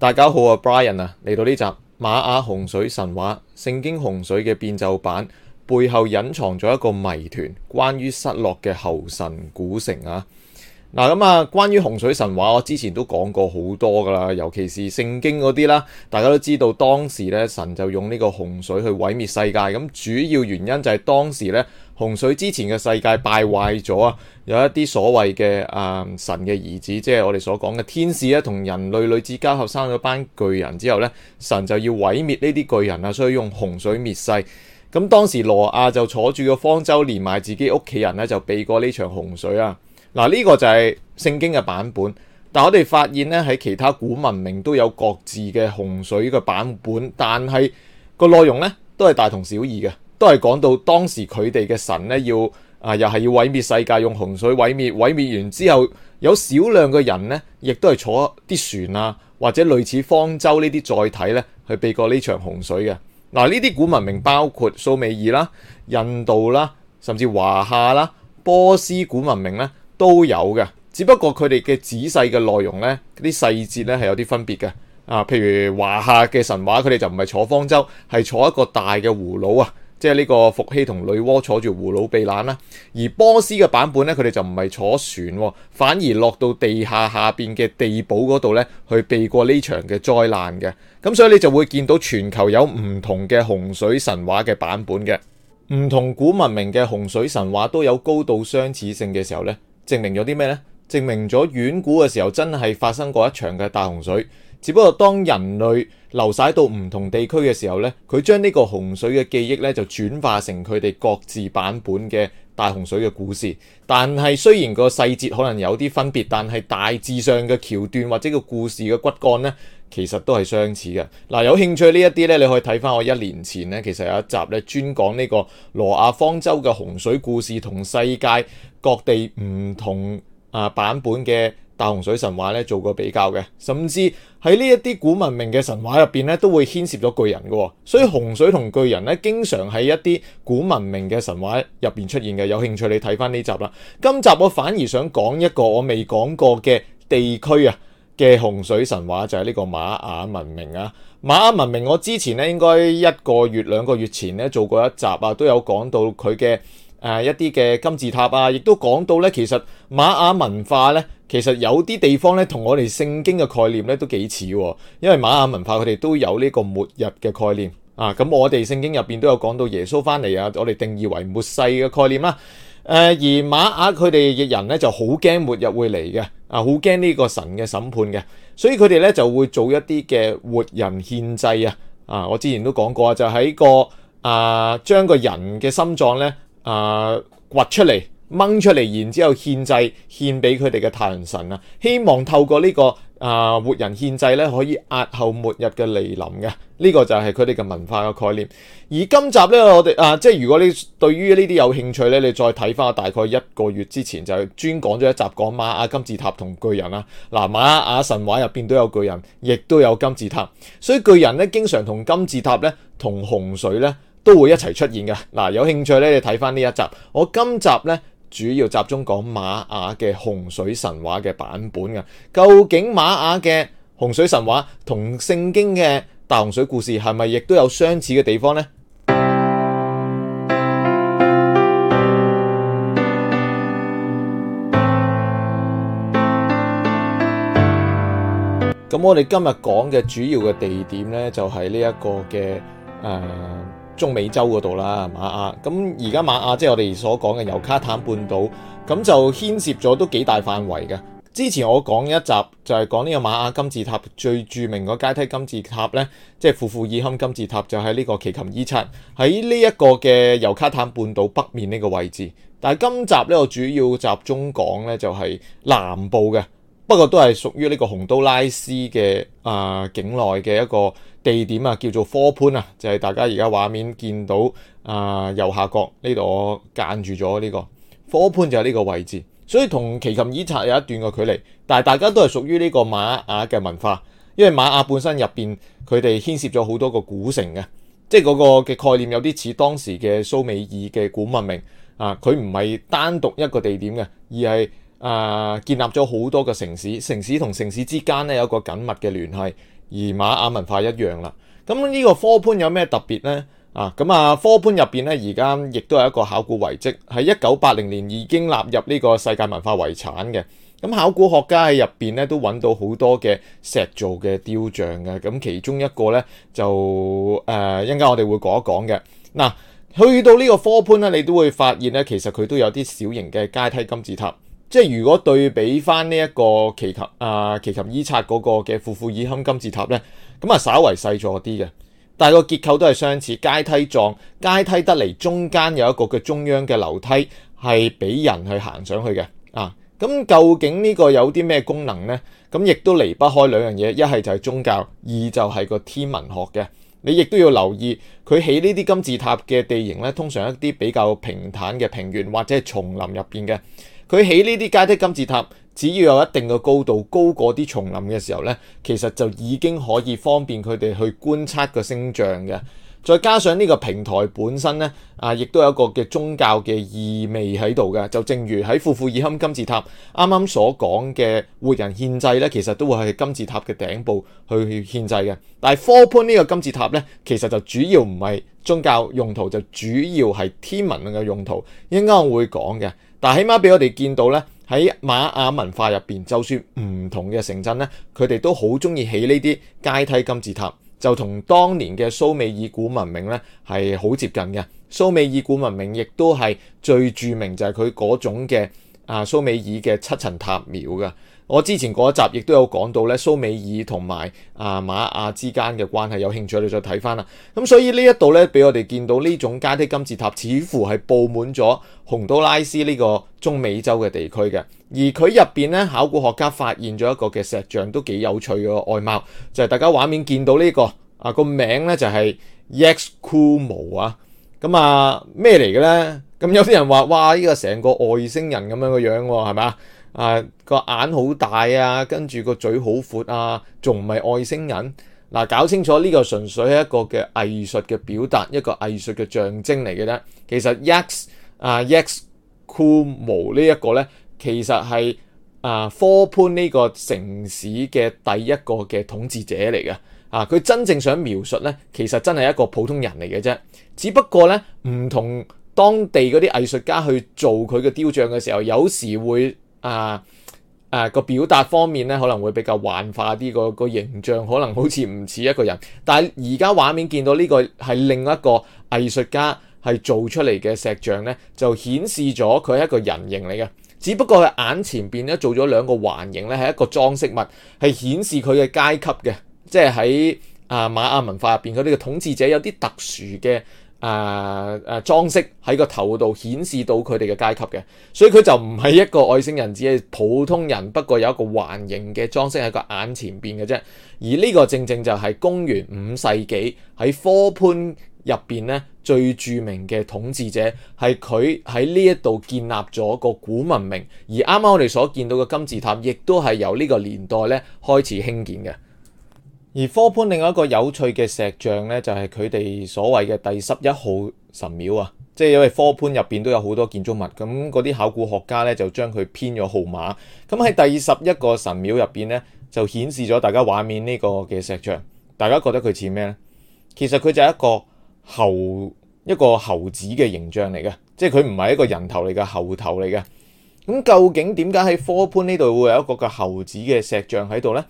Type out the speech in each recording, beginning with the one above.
大家好啊，Brian 啊，嚟到呢集《瑪雅洪水神話》聖經洪水嘅變奏版，背後隱藏咗一個謎團，關於失落嘅猴神古城啊！嗱咁啊，關於洪水神話，我之前都講過好多㗎啦。尤其是聖經嗰啲啦，大家都知道當時咧，神就用呢個洪水去毀滅世界。咁主要原因就係當時咧洪水之前嘅世界敗壞咗啊，有一啲所謂嘅啊神嘅兒子，即係我哋所講嘅天使咧，同人類女子交合生咗班巨人之後咧，神就要毀滅呢啲巨人啊，所以用洪水滅世。咁當時羅亞就坐住個方舟，連埋自己屋企人咧，就避過呢場洪水啊。嗱，呢個就係聖經嘅版本，但我哋發現咧，喺其他古文明都有各自嘅洪水嘅版本，但係，個內容咧都係大同小異嘅，都係講到當時佢哋嘅神咧要啊，又係要毀滅世界，用洪水毀滅，毀滅完之後有少量嘅人咧，亦都係坐啲船啊，或者類似方舟呢啲載體咧去避過呢場洪水嘅。嗱、啊，呢啲古文明包括蘇美爾啦、印度啦，甚至華夏啦、波斯古文明咧，都有嘅，只不過佢哋嘅仔細嘅內容呢，啲細節呢係有啲分別嘅啊。譬如華夏嘅神話，佢哋就唔係坐方舟，係坐一個大嘅葫蘆啊，即係呢個伏羲同女媧坐住葫蘆避難啦。而波斯嘅版本呢，佢哋就唔係坐船，啊，反而落到地下下邊嘅地堡嗰度呢，去避過呢場嘅災難嘅。咁所以你就會見到全球有唔同嘅洪水神話嘅版本嘅，唔同古文明嘅洪水神話都有高度相似性嘅時候呢。證明咗啲咩呢？證明咗遠古嘅時候真係發生過一場嘅大洪水，只不過當人類流晒到唔同地區嘅時候呢，佢將呢個洪水嘅記憶呢就轉化成佢哋各自版本嘅。大洪水嘅故事，但係雖然個細節可能有啲分別，但係大致上嘅橋段或者個故事嘅骨幹呢，其實都係相似嘅。嗱、啊，有興趣呢一啲呢，你可以睇翻我一年前呢，其實有一集呢專講呢個挪亞方舟嘅洪水故事同世界各地唔同啊版本嘅。大洪水神話咧，做過比較嘅。甚至喺呢一啲古文明嘅神話入邊咧，都會牽涉咗巨人嘅，所以洪水同巨人咧，經常喺一啲古文明嘅神話入邊出現嘅。有興趣你睇翻呢集啦。今集我反而想講一個我未講過嘅地區啊嘅洪水神話，就係、是、呢個馬雅文明啊。馬雅文明我之前咧應該一個月兩個月前咧做過一集啊，都有講到佢嘅。誒、啊、一啲嘅金字塔啊，亦都講到咧。其實馬雅文化咧，其實有啲地方咧，同我哋聖經嘅概念咧都幾似、哦。因為馬雅文化佢哋都有呢個末日嘅概念啊。咁、嗯、我哋聖經入邊都有講到耶穌翻嚟啊，我哋定義為末世嘅概念啦。誒、啊、而馬雅佢哋嘅人咧就好驚末日會嚟嘅啊，好驚呢個神嘅審判嘅，所以佢哋咧就會做一啲嘅活人獻祭啊。啊，我之前都講過、就是、啊，就喺個啊將個人嘅心臟咧。啊啊啊啊，掘、呃、出嚟掹出嚟，然之後獻祭獻俾佢哋嘅太陽神啊！希望透過呢、這個啊、呃、活人獻祭咧，可以押後末日嘅嚟臨嘅。呢、這個就係佢哋嘅文化嘅概念。而今集咧，我哋啊、呃，即係如果你對於呢啲有興趣咧，你再睇翻我大概一個月之前就係專講咗一集講馬雅金字塔同巨人啦、啊。嗱、啊，馬雅神話入邊都有巨人，亦都有金字塔，所以巨人咧經常同金字塔咧同洪水咧。都會一齊出現嘅嗱、啊，有興趣咧，你睇翻呢一集。我今集咧主要集中講馬雅嘅洪水神話嘅版本嘅、啊，究竟馬雅嘅洪水神話同聖經嘅大洪水故事係咪亦都有相似嘅地方呢？咁、嗯、我哋今日講嘅主要嘅地點咧，就係呢一個嘅誒。呃中美洲嗰度啦，馬雅，咁而家馬雅即係、就是、我哋所講嘅尤卡坦半島，咁就牽涉咗都幾大範圍嘅。之前我講一集就係、是、講呢個馬雅金字塔最著名嗰階梯金字塔呢，即係、就是、庫庫爾坎金字塔，就喺呢個奇琴伊察，喺呢一個嘅尤卡坦半島北面呢個位置。但係今集呢我主要集中講呢，就係、是、南部嘅。不過都係屬於呢個洪都拉斯嘅啊、呃，境內嘅一個地點啊，叫做科潘啊，就係、是、大家而家畫面見到啊、呃、右下角呢度，我間住咗呢、這個科潘就係呢個位置，所以同奇琴伊察有一段嘅距離，但係大家都係屬於呢個馬雅嘅文化，因為馬雅本身入邊佢哋牽涉咗好多個古城嘅，即係嗰個嘅概念有啲似當時嘅蘇美爾嘅古文明啊，佢唔係單獨一個地點嘅，而係。啊！建立咗好多個城市，城市同城市之間咧有個緊密嘅聯繫。而馬雅文化一樣啦。咁呢個科潘有咩特別呢？啊，咁啊，科潘入邊咧，而家亦都係一個考古遺跡，喺一九八零年已經納入呢個世界文化遺產嘅。咁考古學家喺入邊咧都揾到好多嘅石造嘅雕像嘅。咁其中一個呢，就誒，一陣間我哋會講一講嘅。嗱、啊，去到個呢個科潘咧，你都會發現呢，其實佢都有啲小型嘅階梯金字塔。即係如果對比翻呢一個奇琴啊，奇琴伊察嗰個嘅庫庫爾坎金字塔呢，咁啊稍為細咗啲嘅，但係個結構都係相似，階梯狀，階梯得嚟中間有一個嘅中央嘅樓梯係俾人去行上去嘅啊。咁究竟呢個有啲咩功能呢？咁亦都離不開兩樣嘢，一係就係宗教，二就係個天文學嘅。你亦都要留意佢起呢啲金字塔嘅地形呢，通常一啲比較平坦嘅平原或者係叢林入邊嘅。佢起呢啲階梯金字塔，只要有一定嘅高度，高過啲叢林嘅時候呢，其實就已經可以方便佢哋去觀察個星象嘅。再加上呢個平台本身呢，啊，亦都有一個嘅宗教嘅意味喺度嘅。就正如喺庫庫爾坎金字塔啱啱所講嘅活人獻祭呢，其實都會喺金字塔嘅頂部去獻祭嘅。但係科潘呢個金字塔呢，其實就主要唔係宗教用途，就主要係天文嘅用途。應該我會講嘅。但起碼俾我哋見到咧，喺馬雅文化入邊，就算唔同嘅城鎮咧，佢哋都好中意起呢啲階梯金字塔，就同當年嘅蘇美爾古文明咧係好接近嘅。蘇美爾古文明亦都係最著名就，就係佢嗰種嘅啊蘇美爾嘅七層塔廟嘅。我之前嗰一集亦都有講到咧，蘇美爾同埋啊馬雅之間嘅關係，有興趣你再睇翻啦。咁所以呢一度咧，俾我哋見到呢種階梯金字塔，似乎係布滿咗洪都拉斯呢個中美洲嘅地區嘅。而佢入邊咧，考古學家發現咗一個嘅石像，都幾有趣嘅外貌，就係、是、大家畫面見到呢、這個啊個名咧就係 Yax Koomul 啊。咁、就是、啊咩嚟嘅咧？咁、啊、有啲人話：哇！呢個成個外星人咁樣嘅樣喎，係咪啊？啊！個眼好大啊，跟住個嘴好闊啊，仲唔係外星人嗱？搞清楚呢個純粹係一個嘅藝術嘅表達，一個藝術嘅象徵嚟嘅啫。其實，Yax 啊，Yax Kuk Mo 呢一個咧，其實係啊科潘呢個城市嘅第一個嘅統治者嚟嘅啊。佢真正想描述咧，其實真係一個普通人嚟嘅啫。只不過咧，唔同當地嗰啲藝術家去做佢嘅雕像嘅時候，有時會，啊啊個表達方面咧，可能會比較幻化，啲個、嗰個形象可能好似唔似一個人，但係而家畫面見到呢個係另一個藝術家係做出嚟嘅石像咧，就顯示咗佢係一個人形嚟嘅，只不過佢眼前邊咧做咗兩個環形咧係一個裝飾物，係顯示佢嘅階級嘅，即係喺啊瑪雅文化入邊佢哋嘅統治者有啲特殊嘅。誒誒、uh, 裝飾喺個頭度顯示到佢哋嘅階級嘅，所以佢就唔係一個外星人，只係普通人，不過有一個環形嘅裝飾喺個眼前邊嘅啫。而呢個正正就係公元五世紀喺科潘入邊咧最著名嘅統治者，係佢喺呢一度建立咗個古文明，而啱啱我哋所見到嘅金字塔，亦都係由呢個年代咧開始興建嘅。而科潘另外一個有趣嘅石像咧，就係佢哋所謂嘅第十一號神廟啊，即係因為科潘入邊都有好多建築物，咁嗰啲考古學家咧就將佢編咗號碼，咁喺第十一個神廟入邊咧就顯示咗大家畫面呢個嘅石像，大家覺得佢似咩咧？其實佢就係一個猴，一個猴子嘅形象嚟嘅，即係佢唔係一個人頭嚟嘅猴頭嚟嘅。咁究竟點解喺科潘呢度會有一個嘅猴子嘅石像喺度咧？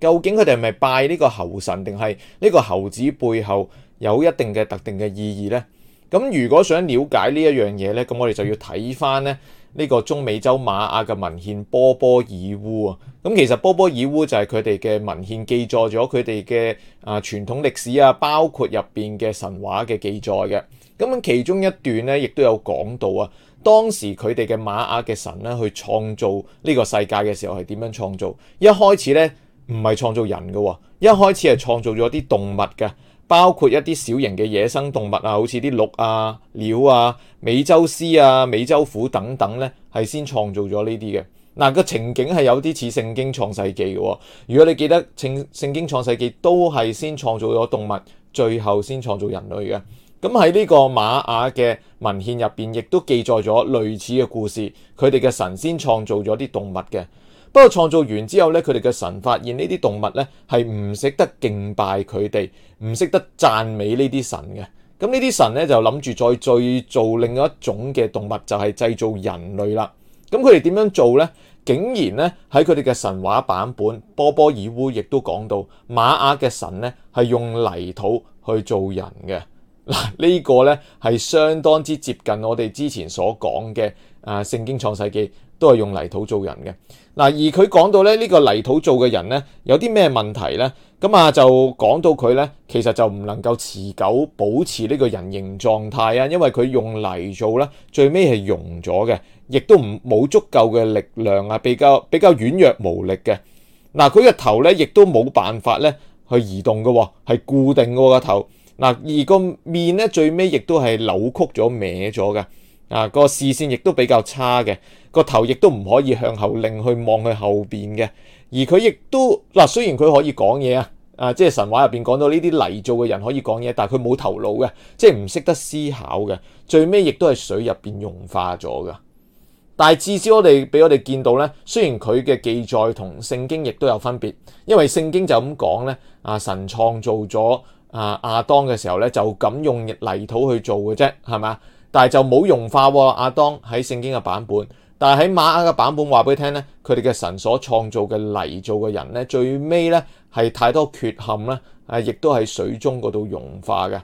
究竟佢哋係咪拜呢個猴神，定係呢個猴子背後有一定嘅特定嘅意義呢？咁如果想了解呢一樣嘢呢，咁我哋就要睇翻呢呢個中美洲馬雅嘅文獻波波爾烏啊。咁其實波波爾烏就係佢哋嘅文獻，記載咗佢哋嘅啊傳統歷史啊，包括入邊嘅神話嘅記載嘅。咁其中一段呢，亦都有講到啊，當時佢哋嘅馬雅嘅神呢，去創造呢個世界嘅時候係點樣創造？一開始呢。唔係創造人嘅，一開始係創造咗啲動物嘅，包括一啲小型嘅野生動物啊，好似啲鹿啊、鳥啊、美洲獅啊、美洲虎等等咧，係先創造咗呢啲嘅。嗱、那個情景係有啲似聖經創世記嘅。如果你記得聖聖經創世記都係先創造咗動物，最後先創造人類嘅。咁喺呢個馬雅嘅文獻入邊，亦都記載咗類似嘅故事，佢哋嘅神仙創造咗啲動物嘅。不過創造完之後咧，佢哋嘅神發現呢啲動物咧係唔識得敬拜佢哋，唔識得讚美呢啲神嘅。咁呢啲神咧就諗住再再做另一種嘅動物，就係製造人類啦。咁佢哋點樣做咧？竟然咧喺佢哋嘅神話版本，波波爾烏亦都講到，瑪雅嘅神咧係用泥土去做人嘅。嗱，呢個咧係相當之接近我哋之前所講嘅啊，聖經創世記。都係用泥土做人嘅嗱。而佢講到咧呢、呢個泥土做嘅人呢，有啲咩問題呢？咁啊，就講到佢呢，其實就唔能夠持久保持呢個人形狀態啊，因為佢用泥做呢，最尾係溶咗嘅，亦都唔冇足夠嘅力量啊，比較比較軟弱無力嘅嗱。佢嘅頭呢，亦都冇辦法呢去移動嘅、哦，係固定個、哦、頭嗱。而個面呢，最尾亦都係扭曲咗、歪咗嘅啊。個視線亦都比較差嘅。個頭亦都唔可以向後，擰去望佢後邊嘅。而佢亦都嗱，雖然佢可以講嘢啊，啊，即係神話入邊講到呢啲泥做嘅人可以講嘢，但係佢冇頭腦嘅，即係唔識得思考嘅。最尾亦都係水入邊融化咗㗎。但係至少我哋俾我哋見到咧，雖然佢嘅記載同聖經亦都有分別，因為聖經就咁講咧，啊神創造咗啊亞當嘅時候咧，就咁用泥土去做嘅啫，係咪？但係就冇融化，啊，阿當喺聖經嘅版本。但係喺馬雅嘅版本話俾你聽咧，佢哋嘅神所創造嘅泥造嘅人咧，最尾咧係太多缺陷咧，啊，亦都係水中嗰度融化嘅。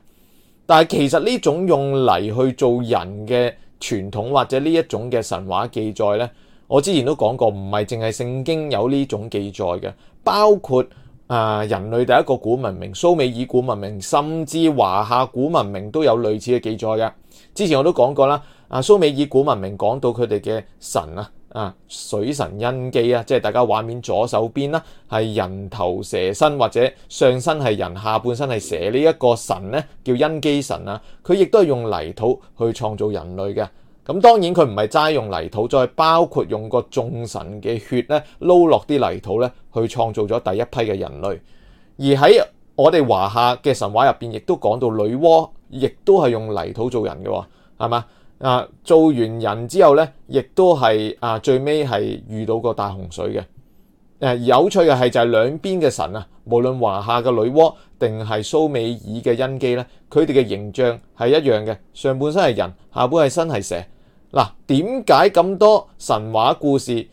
但係其實呢種用泥去做人嘅傳統或者呢一種嘅神話記載咧，我之前都講過，唔係淨係聖經有呢種記載嘅，包括啊、呃、人類第一個古文明蘇美爾古文明，甚至華夏古文明都有類似嘅記載嘅。之前我都講過啦。啊，蘇美爾古文明講到佢哋嘅神啊，啊水神恩基啊，即係大家畫面左手邊啦、啊，係人頭蛇身或者上身係人下半身係蛇呢一個神咧、啊、叫恩基神啊。佢亦都係用泥土去創造人類嘅。咁當然佢唔係齋用泥土，再包括用個眾神嘅血咧撈落啲泥土咧去創造咗第一批嘅人類。而喺我哋華夏嘅神話入邊，亦都講到女媧，亦都係用泥土做人嘅，係嘛？啊！做完人之後咧，亦都係啊，最尾係遇到個大洪水嘅。誒、啊，有趣嘅係就係兩邊嘅神啊，無論華夏嘅女媧定係蘇美爾嘅恩基咧，佢哋嘅形象係一樣嘅，上半身係人，下半係身係蛇。嗱、啊，點解咁多神話故事？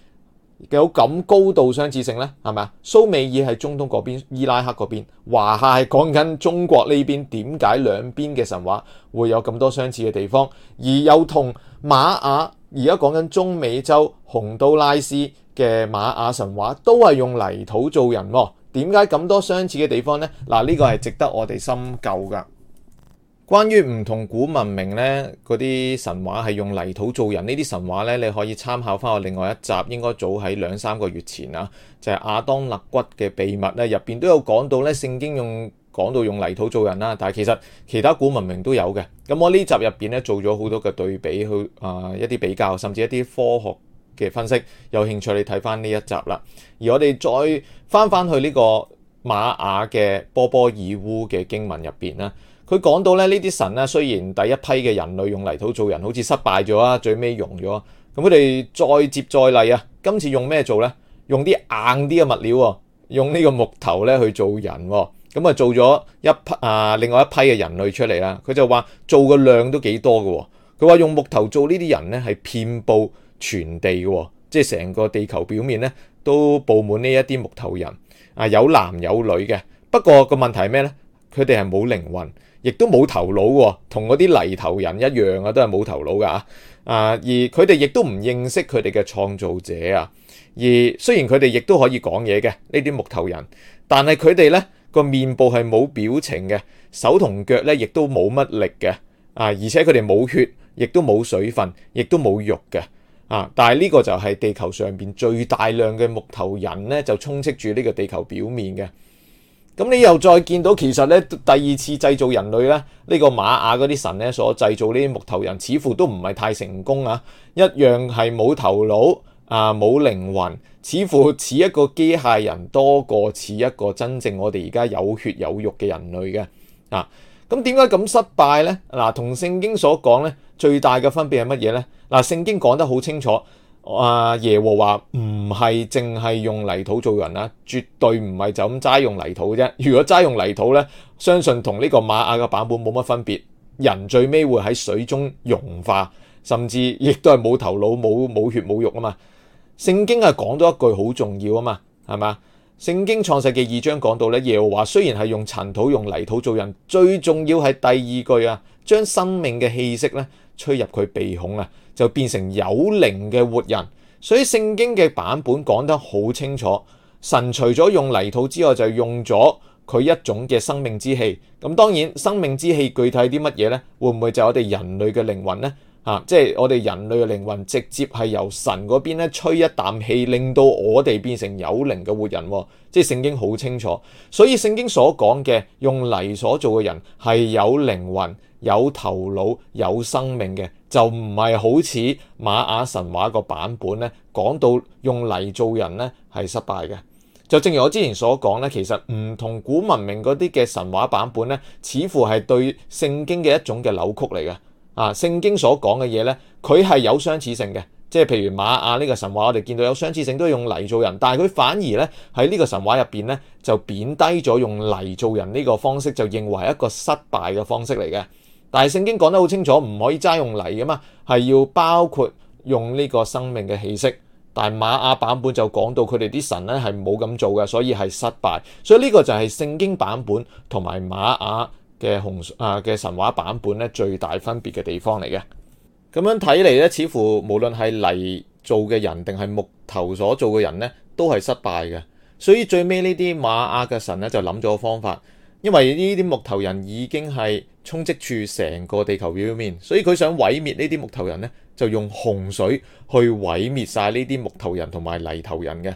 有咁高度相似性呢，係咪啊？蘇美爾係中東嗰邊，伊拉克嗰邊，華夏係講緊中國呢邊，點解兩邊嘅神話會有咁多相似嘅地方？而又同馬雅而家講緊中美洲洪都拉斯嘅馬雅神話都係用泥土做人，啊，點解咁多相似嘅地方呢？嗱，呢個係值得我哋深究噶。關於唔同古文明咧，嗰啲神話係用泥土做人呢啲神話咧，你可以參考翻我另外一集，應該早喺兩三個月前啊，就係、是、亞當肋骨嘅秘密咧入邊都有講到咧，聖經用講到用泥土做人啦，但係其實其他古文明都有嘅。咁我呢集入邊咧做咗好多嘅對比，去、呃、啊一啲比較，甚至一啲科學嘅分析。有興趣你睇翻呢一集啦。而我哋再翻翻去呢個馬雅嘅波波爾烏嘅經文入邊啦。佢講到咧，呢啲神咧，雖然第一批嘅人類用泥土做人，好似失敗咗啊，最尾融咗。咁佢哋再接再厲啊，今次用咩做咧？用啲硬啲嘅物料，用呢個木頭咧去做人。咁、嗯、啊，做咗一批啊，另外一批嘅人類出嚟啦。佢就話做嘅量都幾多嘅。佢話用木頭做呢啲人咧，係遍佈全地嘅，即係成個地球表面咧都佈滿呢一啲木頭人啊，有男有女嘅。不過個問題係咩咧？佢哋係冇靈魂。亦都冇頭腦喎，同嗰啲泥頭人一樣啊，都係冇頭腦㗎啊！而佢哋亦都唔認識佢哋嘅創造者啊。而雖然佢哋亦都可以講嘢嘅，呢啲木頭人，但係佢哋咧個面部係冇表情嘅，手同腳咧亦都冇乜力嘅啊！而且佢哋冇血，亦都冇水分，亦都冇肉嘅啊！但係呢個就係地球上邊最大量嘅木頭人咧，就充斥住呢個地球表面嘅。咁你又再見到其實咧，第二次製造人類咧，呢個馬雅嗰啲神咧所製造呢啲木頭人，似乎都唔係太成功啊！一樣係冇頭腦啊，冇靈魂，似乎似一個機械人多過似一個真正我哋而家有血有肉嘅人類嘅啊！咁點解咁失敗咧？嗱、啊，同聖經所講咧，最大嘅分別係乜嘢咧？嗱、啊，聖經講得好清楚。阿、啊、耶和華唔係淨係用泥土做人啦，絕對唔係就咁齋用泥土嘅啫。如果齋用泥土咧，相信同呢個瑪雅嘅版本冇乜分別。人最尾會喺水中融化，甚至亦都係冇頭腦、冇冇血冇肉啊嘛。聖經係講咗一句好重要啊嘛，係嘛？聖經創世記二章講到咧，耶和華雖然係用塵土、用泥土做人，最重要係第二句啊，將生命嘅氣息咧吹入佢鼻孔啊。就變成有靈嘅活人，所以聖經嘅版本講得好清楚，神除咗用泥土之外，就用咗佢一種嘅生命之氣。咁當然，生命之氣具體啲乜嘢呢？會唔會就係我哋人類嘅靈魂呢？啊！即係我哋人類嘅靈魂，直接係由神嗰邊咧吹一啖氣，令到我哋變成有靈嘅活人。即係聖經好清楚，所以聖經所講嘅用泥所做嘅人係有靈魂、有頭腦、有生命嘅，就唔係好似馬雅神話個版本咧，講到用泥做人咧係失敗嘅。就正如我之前所講咧，其實唔同古文明嗰啲嘅神話版本咧，似乎係對聖經嘅一種嘅扭曲嚟嘅。啊！聖經所講嘅嘢咧，佢係有相似性嘅，即係譬如馬雅呢個神話，我哋見到有相似性，都係用泥做人，但係佢反而咧喺呢個神話入邊咧，就貶低咗用泥做人呢個方式，就認為係一個失敗嘅方式嚟嘅。但係聖經講得好清楚，唔可以齋用泥㗎嘛，係要包括用呢個生命嘅氣息。但係馬雅版本就講到佢哋啲神咧係冇咁做嘅，所以係失敗。所以呢個就係聖經版本同埋馬雅。嘅洪啊嘅神話版本咧，最大分別嘅地方嚟嘅，咁樣睇嚟咧，似乎無論係泥做嘅人定係木頭所做嘅人咧，都係失敗嘅。所以最尾呢啲馬雅嘅神咧就諗咗個方法，因為呢啲木頭人已經係充斥住成個地球表面，所以佢想毀滅呢啲木頭人咧，就用洪水去毀滅晒呢啲木頭人同埋泥頭人嘅。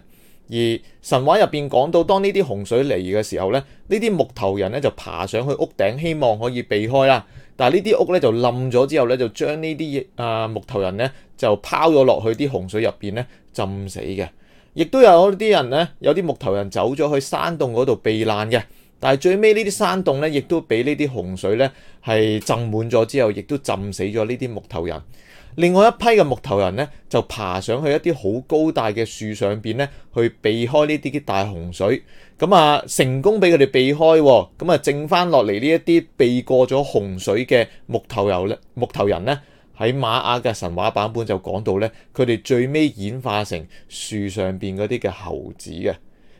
而神話入邊講到，當呢啲洪水嚟嘅時候呢，呢啲木頭人呢就爬上去屋頂，希望可以避開啦。但係呢啲屋呢就冧咗之後呢，就將呢啲啊木頭人呢就拋咗落去啲洪水入邊呢浸死嘅。亦都有啲人呢，有啲木頭人走咗去山洞嗰度避難嘅。但係最尾呢啲山洞呢，亦都俾呢啲洪水呢係浸滿咗之後，亦都浸死咗呢啲木頭人。另外一批嘅木頭人咧，就爬上去一啲好高大嘅樹上邊咧，去避開呢啲嘅大洪水。咁啊，成功俾佢哋避開，咁啊，剩翻落嚟呢一啲避過咗洪水嘅木頭油咧，木頭人咧，喺馬雅嘅神話版本就講到咧，佢哋最尾演化成樹上邊嗰啲嘅猴子嘅。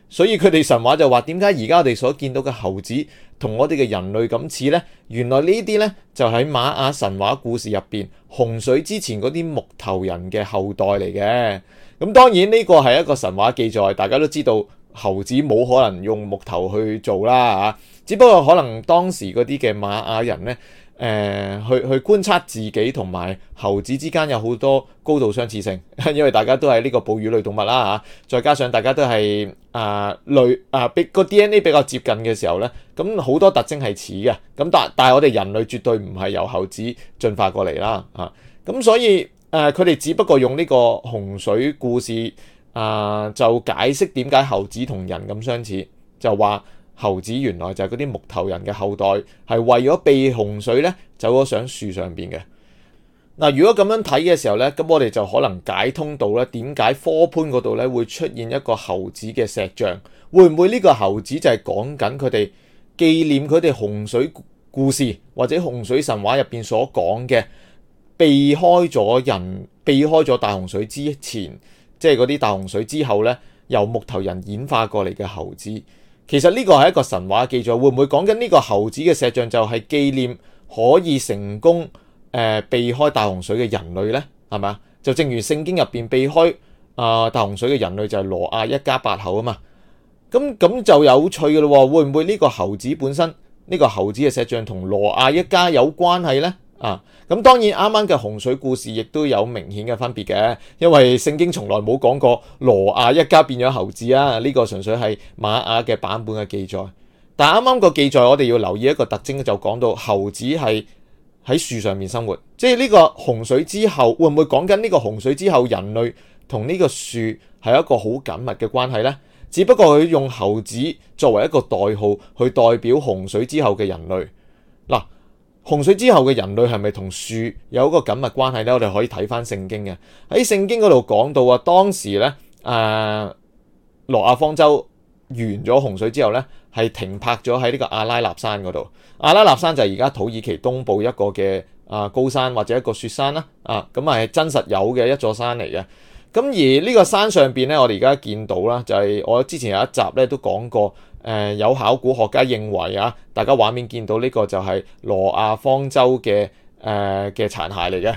所以佢哋神話就話，點解而家我哋所見到嘅猴子同我哋嘅人類咁似呢，原來呢啲呢，就喺馬雅神話故事入邊，洪水之前嗰啲木頭人嘅後代嚟嘅。咁當然呢個係一個神話記載，大家都知道猴子冇可能用木頭去做啦啊！只不過可能當時嗰啲嘅馬雅人呢。誒、呃、去去觀察自己同埋猴子之間有好多高度相似性，因為大家都係呢個哺乳類動物啦嚇，再加上大家都係啊類啊，比、呃、個、呃、DNA 比較接近嘅時候咧，咁好多特徵係似嘅。咁但但係我哋人類絕對唔係由猴子進化過嚟啦嚇，咁、啊、所以誒佢哋只不過用呢個洪水故事啊、呃，就解釋點解猴子同人咁相似，就話。猴子原來就係嗰啲木頭人嘅後代，係為咗避洪水咧，走咗上樹上邊嘅。嗱，如果咁樣睇嘅時候咧，咁我哋就可能解通到咧，點解科潘嗰度咧會出現一個猴子嘅石像？會唔會呢個猴子就係講緊佢哋紀念佢哋洪水故事或者洪水神話入邊所講嘅避開咗人避開咗大洪水之前，即係嗰啲大洪水之後咧，由木頭人演化過嚟嘅猴子？其實呢個係一個神話嘅記載，會唔會講緊呢個猴子嘅石像就係紀念可以成功誒、呃、避開大洪水嘅人類呢？係咪啊？就正如聖經入邊避開啊、呃、大洪水嘅人類就係羅亞一家八口啊嘛。咁咁就有趣嘅嘞喎！會唔會呢個猴子本身呢、這個猴子嘅石像同羅亞一家有關係呢？啊，咁當然啱啱嘅洪水故事亦都有明顯嘅分別嘅，因為聖經從來冇講過羅亞一家變咗猴子啊，呢個純粹係馬雅嘅版本嘅記載。但啱啱個記載，我哋要留意一個特徵，就講到猴子係喺樹上面生活，即係呢個洪水之後會唔會講緊呢個洪水之後人類同呢個樹係一個好緊密嘅關係呢？只不過佢用猴子作為一個代號去代表洪水之後嘅人類嗱。啊洪水之後嘅人類係咪同樹有一個緊密關係呢？我哋可以睇返聖經嘅，喺聖經嗰度講到啊，當時呢，誒、啊，挪亞方舟完咗洪水之後呢，係停泊咗喺呢個阿拉納山嗰度。阿拉納山就係而家土耳其東部一個嘅啊高山或者一個雪山啦，啊，咁係真實有嘅一座山嚟嘅。咁而呢個山上邊呢，我哋而家見到啦，就係我之前有一集呢都講過。誒、呃、有考古學家認為啊，大家畫面見到呢個就係羅亞方舟嘅誒嘅殘骸嚟嘅。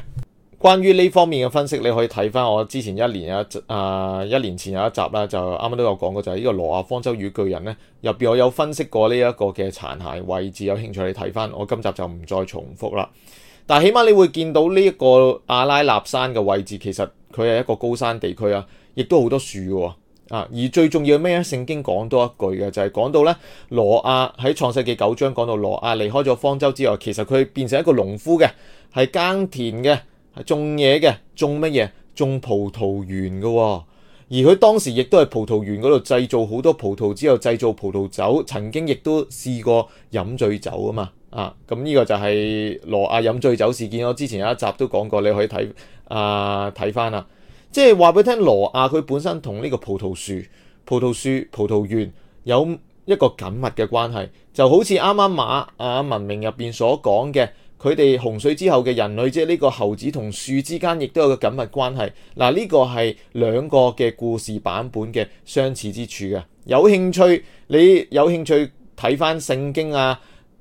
關於呢方面嘅分析，你可以睇翻我之前一年有啊、呃，一年前有一集啦，就啱啱都有講過，就係呢個羅亞方舟與巨人咧，入邊我有分析過呢一個嘅殘骸位置，有興趣你睇翻，我今集就唔再重複啦。但起碼你會見到呢一個阿拉納山嘅位置，其實佢係一個高山地區啊，亦都好多樹喎、啊。啊！而最重要咩咧？聖經講多一句嘅，就係、是、講到咧，挪亞喺創世記九章講到挪亞離開咗方舟之外，其實佢變成一個農夫嘅，係耕田嘅，係種嘢嘅，種乜嘢？種葡萄園嘅、哦。而佢當時亦都喺葡萄園嗰度製造好多葡萄之後製造葡萄酒，曾經亦都試過飲醉酒啊嘛。啊！咁、嗯、呢、呢個就係挪亞飲醉酒事件。我之前有一集都講過，你可以睇啊睇翻啦。呃即係話俾你聽，羅亞佢本身同呢個葡萄樹、葡萄樹、葡萄園有一個緊密嘅關係，就好似啱啱馬啊文明入邊所講嘅，佢哋洪水之後嘅人類，即係呢個猴子同樹之間，亦都有個緊密關係。嗱、啊，呢個係兩個嘅故事版本嘅相似之處嘅。有興趣，你有興趣睇翻聖經啊！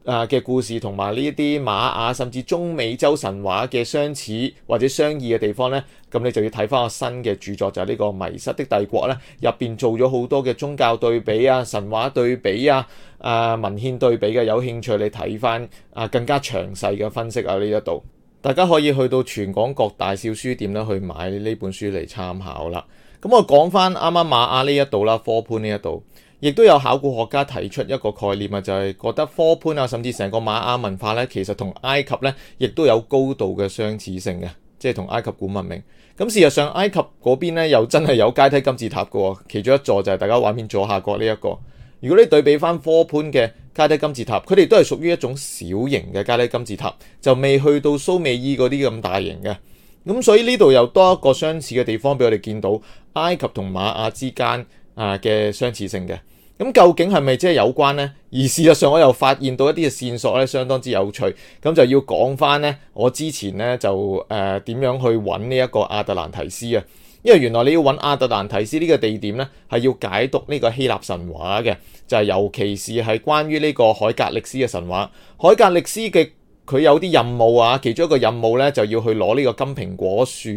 啊嘅故事同埋呢一啲馬雅甚至中美洲神話嘅相似或者相異嘅地方呢，咁你就要睇翻個新嘅著作，就係呢個《迷失的帝國》呢，入邊做咗好多嘅宗教對比啊、神話對比啊、啊文獻對比嘅，有興趣你睇翻啊更加詳細嘅分析啊呢一度，大家可以去到全港各大小書店咧去買呢本書嚟參考啦。咁我講翻啱啱馬雅呢一度啦，科潘呢一度。亦都有考古學家提出一個概念啊，就係、是、覺得科潘啊，甚至成個馬雅文化咧，其實同埃及咧，亦都有高度嘅相似性嘅，即係同埃及古文明。咁事實上，埃及嗰邊咧又真係有階梯金字塔嘅喎，其中一座就係大家畫面左下角呢、這、一個。如果你對比返科潘嘅階梯金字塔，佢哋都係屬於一種小型嘅階梯金字塔，就未去到蘇美爾嗰啲咁大型嘅。咁所以呢度又多一個相似嘅地方俾我哋見到埃及同馬雅之間。啊嘅相似性嘅，咁究竟係咪即係有關呢？而事實上我又發現到一啲嘅線索咧，相當之有趣，咁就要講翻咧，我之前咧就誒點、呃、樣去揾呢一個亞特蘭提斯啊？因為原來你要揾亞特蘭提斯呢個地點咧，係要解讀呢個希臘神話嘅，就係、是、尤其是係關於呢個海格力斯嘅神話，海格力斯嘅。佢有啲任務啊，其中一個任務咧就要去攞呢個金蘋果樹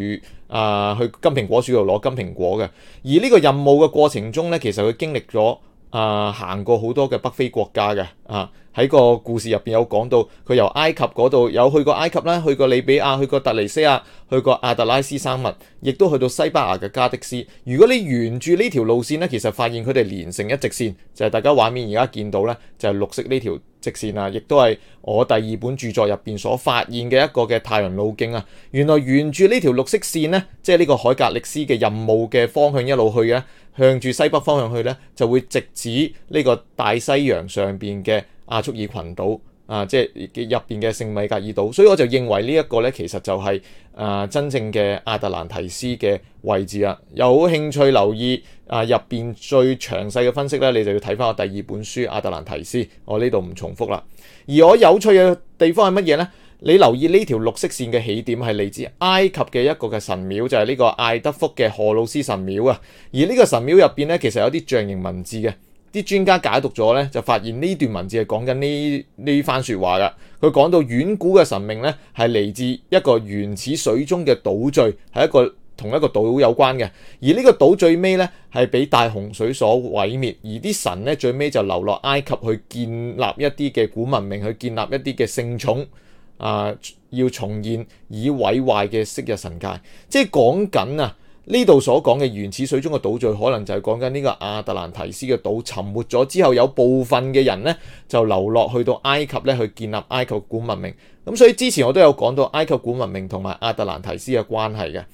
啊，呃，去金蘋果樹度攞金蘋果嘅。而呢個任務嘅過程中咧，其實佢經歷咗啊，行過好多嘅北非國家嘅啊。，喺個故事入邊有講到佢由埃及嗰度，有去過埃及啦，去過利比亞，去過特尼西亞，去過阿特拉斯生物，亦都去到西班牙嘅加的斯。如果你沿住呢條路線呢，其實發現佢哋連成一直線，就係、是、大家畫面而家見到呢，就係、是、綠色呢條直線啊。亦都係我第二本著作入邊所發現嘅一個嘅太陽路徑啊。原來沿住呢條綠色線呢，即係呢個海格力斯嘅任務嘅方向一路去嘅，向住西北方向去呢，就會直指呢個大西洋上邊嘅。亞速爾群島啊，即係入邊嘅聖米格爾島，所以我就認為呢一個呢，其實就係啊真正嘅亞特蘭提斯嘅位置啊！有興趣留意啊入邊最詳細嘅分析呢，你就要睇返我第二本書《亞特蘭提斯》，我呢度唔重複啦。而我有趣嘅地方係乜嘢呢？你留意呢條綠色線嘅起點係嚟自埃及嘅一個嘅神廟，就係呢個艾德福嘅荷魯斯神廟啊。而呢個神廟入邊呢，其實有啲象形文字嘅。啲專家解讀咗咧，就發現呢段文字係講緊呢呢番說話嘅。佢講到遠古嘅神明咧，係嚟自一個原始水中嘅島嶼，係一個同一個島有關嘅。而呢個島最尾咧，係俾大洪水所毀滅。而啲神咧最尾就流落埃及去建立一啲嘅古文明，去建立一啲嘅聖寵。啊、呃，要重現以毀壞嘅昔日神界，即係講緊啊。呢度所講嘅原始水中嘅島嶼，可能就係講緊呢個亞特蘭提斯嘅島沉沒咗之後，有部分嘅人呢就流落去到埃及呢去建立埃及古文明。咁所以之前我都有講到埃及古文明同埋亞特蘭提斯嘅關係嘅。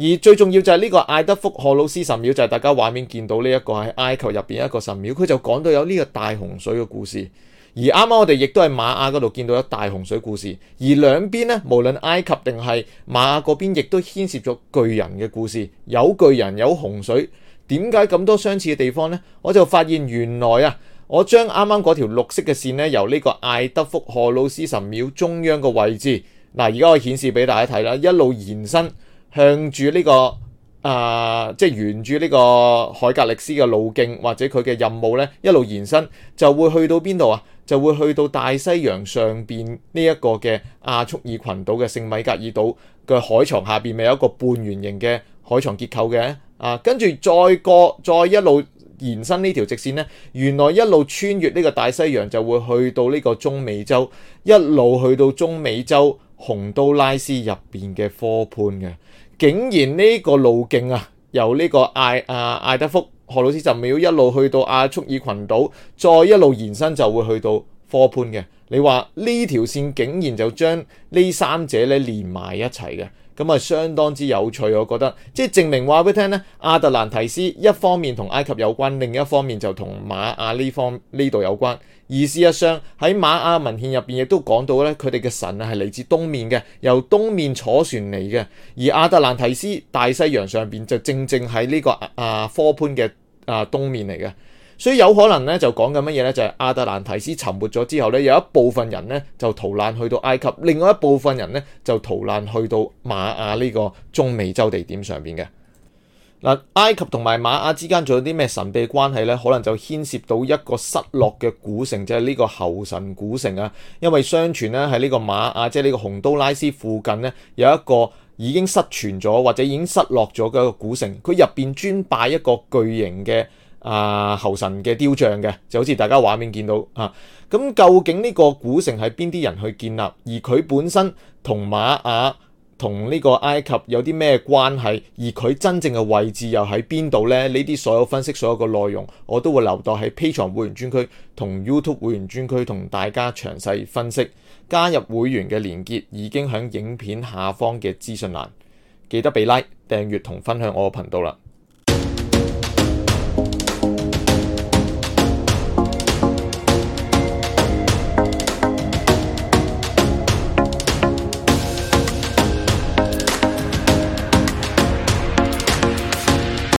而最重要就係呢個艾德福荷魯斯神廟，就係大家畫面見到呢一個喺埃及入邊一個神廟，佢就講到有呢個大洪水嘅故事。而啱啱我哋亦都喺馬雅嗰度見到一大洪水故事，而兩邊咧無論埃及定係馬雅嗰邊，亦都牽涉咗巨人嘅故事，有巨人有洪水，點解咁多相似嘅地方呢？我就發現原來啊，我將啱啱嗰條綠色嘅線咧，由呢個艾德福荷魯斯神廟中央個位置，嗱而家我顯示俾大家睇啦，一路延伸向住呢個。啊，即係沿住呢個海格力斯嘅路徑或者佢嘅任務呢一路延伸就會去到邊度啊？就會去到大西洋上邊呢一個嘅亞速爾群島嘅聖米格爾島嘅海床下邊，咪有一個半圓形嘅海床結構嘅啊！跟住再過再一路延伸呢條直線呢，原來一路穿越呢個大西洋就會去到呢個中美洲，一路去到中美洲洪都拉斯入邊嘅科潘嘅。竟然呢個路徑啊，由呢個艾啊艾德福荷魯斯就廟一路去到亞速爾群島，再一路延伸就會去到科潘嘅。你話呢條線竟然就將呢三者咧連埋一齊嘅。咁啊，相當之有趣，我覺得即係證明話俾你聽咧，亞特蘭提斯一方面同埃及有關，另一方面就同馬雅呢方呢度有關。而事實上喺馬雅文獻入邊亦都講到咧，佢哋嘅神啊係嚟自東面嘅，由東面坐船嚟嘅，而亞特蘭提斯大西洋上邊就正正喺呢個啊科潘嘅啊東面嚟嘅。所以有可能咧就講緊乜嘢咧，就係亞特蘭提斯沉沒咗之後咧，有一部分人咧就逃難去到埃及，另外一部分人咧就逃難去到馬雅呢個中美洲地點上邊嘅。嗱，埃及同埋馬雅之間仲有啲咩神秘關係呢？可能就牽涉到一個失落嘅古城，就係呢個猴神古城啊。因為相傳咧喺呢個馬雅，即係呢個洪都拉斯附近呢，有一個已經失傳咗或者已經失落咗嘅一個古城，佢入邊專拜一個巨型嘅。啊，後神嘅雕像嘅，就好似大家畫面見到啊。咁究竟呢個古城係邊啲人去建立，而佢本身同瑪雅同呢個埃及有啲咩關係，而佢真正嘅位置又喺邊度呢？呢啲所有分析所有嘅內容，我都會留待喺 P 藏會員專區同 YouTube 會員專區同大家詳細分析。加入會員嘅連結已經喺影片下方嘅資訊欄，記得俾拉、like，訂閱同分享我嘅頻道啦。